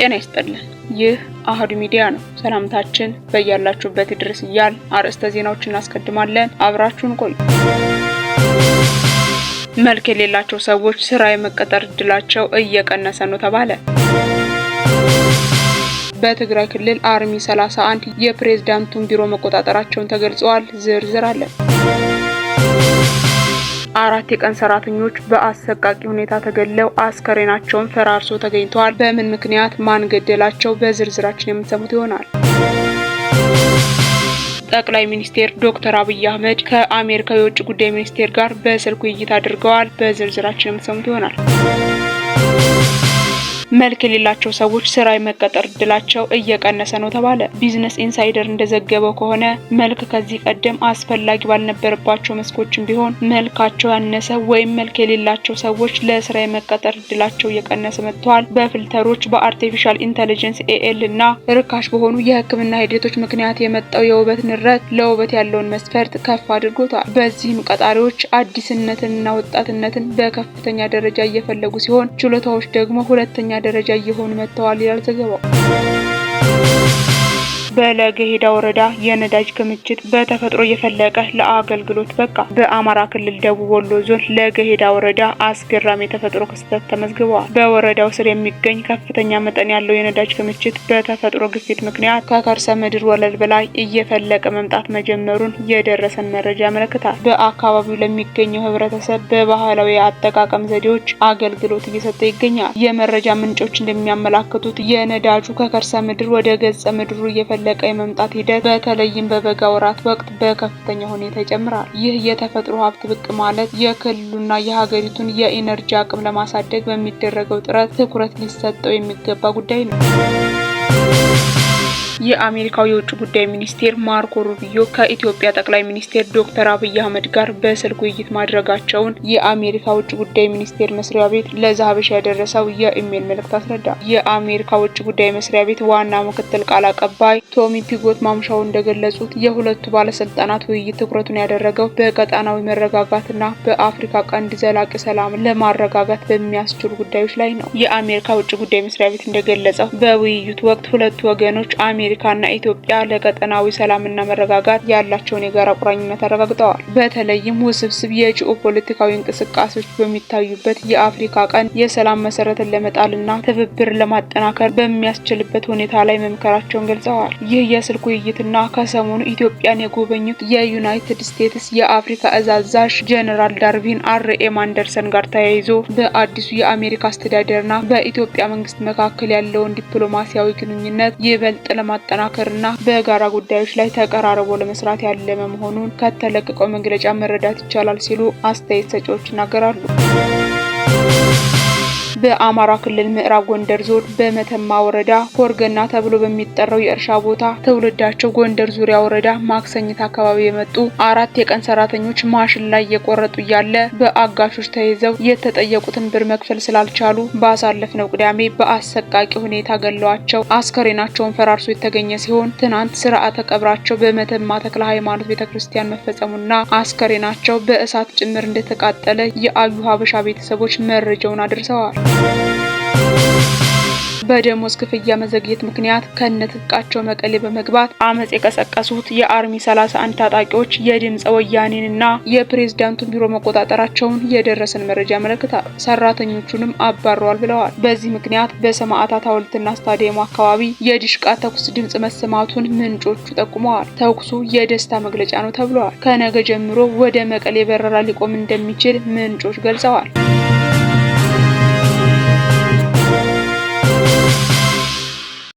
ጤና ይስጥልን። ይህ አህዱ ሚዲያ ነው። ሰላምታችን በያላችሁበት ድረስ እያል አርዕስተ ዜናዎችን እናስቀድማለን። አብራችሁን ቆዩ። መልክ የሌላቸው ሰዎች ስራ የመቀጠር እድላቸው እየቀነሰ ነው ተባለ። በትግራይ ክልል አርሚ 31 የፕሬዝዳንቱን ቢሮ መቆጣጠራቸውን ተገልጸዋል። ዝርዝር አለን። አራት የቀን ሰራተኞች በአሰቃቂ ሁኔታ ተገድለው አስከሬናቸውን ፈራርሶ ተገኝተዋል። በምን ምክንያት ማን ገደላቸው? በዝርዝራችን የምትሰሙት ይሆናል። ጠቅላይ ሚኒስቴር ዶክተር አብይ አህመድ ከአሜሪካ የውጭ ጉዳይ ሚኒስቴር ጋር በስልክ ውይይት አድርገዋል። በዝርዝራችን የምትሰሙት ይሆናል። መልክ የሌላቸው ሰዎች ስራ የመቀጠር እድላቸው እየቀነሰ ነው ተባለ። ቢዝነስ ኢንሳይደር እንደዘገበው ከሆነ መልክ ከዚህ ቀደም አስፈላጊ ባልነበረባቸው መስኮችም ቢሆን መልካቸው ያነሰ ወይም መልክ የሌላቸው ሰዎች ለስራ የመቀጠር እድላቸው እየቀነሰ መጥተዋል። በፊልተሮች፣ በአርቲፊሻል ኢንተለጀንስ ኤኤል እና ርካሽ በሆኑ የህክምና ሂደቶች ምክንያት የመጣው የውበት ንረት ለውበት ያለውን መስፈርት ከፍ አድርጎታል። በዚህም ቀጣሪዎች አዲስነትንና ወጣትነትን በከፍተኛ ደረጃ እየፈለጉ ሲሆን ችሎታዎች ደግሞ ሁለተኛ ደረጃ እየሆኑ መጥተዋል ይላል ዘገባው። በለገሄዳ ወረዳ የነዳጅ ክምችት በተፈጥሮ እየፈለቀ ለአገልግሎት በቃ። በአማራ ክልል ደቡብ ወሎ ዞን ለገሄዳ ወረዳ አስገራሚ የተፈጥሮ ክስተት ተመዝግበዋል። በወረዳው ስር የሚገኝ ከፍተኛ መጠን ያለው የነዳጅ ክምችት በተፈጥሮ ግፊት ምክንያት ከከርሰ ምድር ወለል በላይ እየፈለቀ መምጣት መጀመሩን የደረሰን መረጃ ያመለክታል። በአካባቢው ለሚገኘው ህብረተሰብ በባህላዊ የአጠቃቀም ዘዴዎች አገልግሎት እየሰጠ ይገኛል። የመረጃ ምንጮች እንደሚያመላክቱት የነዳጁ ከከርሰ ምድር ወደ ገጸ ምድሩ እየፈለ እያለቀ የመምጣት ሂደት በተለይም በበጋ ወራት ወቅት በከፍተኛ ሁኔታ ይጨምራል። ይህ የተፈጥሮ ሀብት ብቅ ማለት የክልሉና የሀገሪቱን የኢነርጂ አቅም ለማሳደግ በሚደረገው ጥረት ትኩረት ሊሰጠው የሚገባ ጉዳይ ነው። የአሜሪካው የውጭ ጉዳይ ሚኒስቴር ማርኮ ሩቢዮ ከኢትዮጵያ ጠቅላይ ሚኒስቴር ዶክተር አብይ አህመድ ጋር በስልክ ውይይት ማድረጋቸውን የአሜሪካ ውጭ ጉዳይ ሚኒስቴር መስሪያ ቤት ለዛሀበሻ ያደረሰው የኢሜል መልእክት አስረዳ። የአሜሪካ ውጭ ጉዳይ መስሪያ ቤት ዋና ምክትል ቃል አቀባይ ቶሚ ፒጎት ማምሻው እንደገለጹት የሁለቱ ባለስልጣናት ውይይት ትኩረቱን ያደረገው በቀጣናዊ መረጋጋትና በአፍሪካ ቀንድ ዘላቂ ሰላም ለማረጋጋት በሚያስችሉ ጉዳዮች ላይ ነው። የአሜሪካ ውጭ ጉዳይ መስሪያ ቤት እንደገለጸው በውይይቱ ወቅት ሁለቱ ወገኖች አሜሪካ አሜሪካና ኢትዮጵያ ለቀጠናዊ ሰላምና መረጋጋት ያላቸውን የጋራ ቁራኝነት አረጋግጠዋል። በተለይም ውስብስብ የጂኦፖለቲካዊ እንቅስቃሴዎች በሚታዩበት የአፍሪካ ቀን፣ የሰላም መሰረትን ለመጣልና ትብብር ለማጠናከር በሚያስችልበት ሁኔታ ላይ መምከራቸውን ገልጸዋል። ይህ የስልክ ውይይትና ከሰሞኑ ኢትዮጵያን የጎበኙት የዩናይትድ ስቴትስ የአፍሪካ እዝ ጄነራል ጄኔራል ዳርቪን አር አንደርሰን ጋር ተያይዞ በአዲሱ የአሜሪካ አስተዳደርና በኢትዮጵያ መንግስት መካከል ያለውን ዲፕሎማሲያዊ ግንኙነት ይበልጥ ለማ ለማጠናከርና በጋራ ጉዳዮች ላይ ተቀራርቦ ለመስራት ያለመ መሆኑን ከተለቀቀው መግለጫ መረዳት ይቻላል ሲሉ አስተያየት ሰጪዎች ይናገራሉ። በአማራ ክልል ምዕራብ ጎንደር ዞን በመተማ ወረዳ ኮርገና ተብሎ በሚጠራው የእርሻ ቦታ ትውልዳቸው ጎንደር ዙሪያ ወረዳ ማክሰኝት አካባቢ የመጡ አራት የቀን ሰራተኞች ማሽን ላይ እየቆረጡ እያለ በአጋሾች ተይዘው የተጠየቁትን ብር መክፈል ስላልቻሉ ባሳለፍነው ቅዳሜ በአሰቃቂ ሁኔታ ገለዋቸው አስከሬናቸውን ፈራርሶ የተገኘ ሲሆን ትናንት ስርዓተ ቀብራቸው በመተማ ተክለ ሃይማኖት ቤተ ክርስቲያን መፈጸሙና አስከሬናቸው በእሳት ጭምር እንደተቃጠለ የአዩ ሀበሻ ቤተሰቦች መረጃውን አድርሰዋል። በደሞዝ ክፍያ መዘግየት ምክንያት ከነትጥቃቸው መቀሌ በመግባት አመፅ የቀሰቀሱት የአርሚ 31 ታጣቂዎች የድምፀ ወያኔንና የፕሬዝዳንቱን ቢሮ መቆጣጠራቸውን የደረሰን መረጃ ያመለክታል። ሰራተኞቹንም አባረዋል ብለዋል። በዚህ ምክንያት በሰማዕታት ሐውልትና ስታዲየሙ አካባቢ የዲሽቃ ተኩስ ድምፅ መሰማቱን ምንጮቹ ጠቁመዋል። ተኩሱ የደስታ መግለጫ ነው ተብለዋል። ከነገ ጀምሮ ወደ መቀሌ በረራ ሊቆም እንደሚችል ምንጮች ገልጸዋል።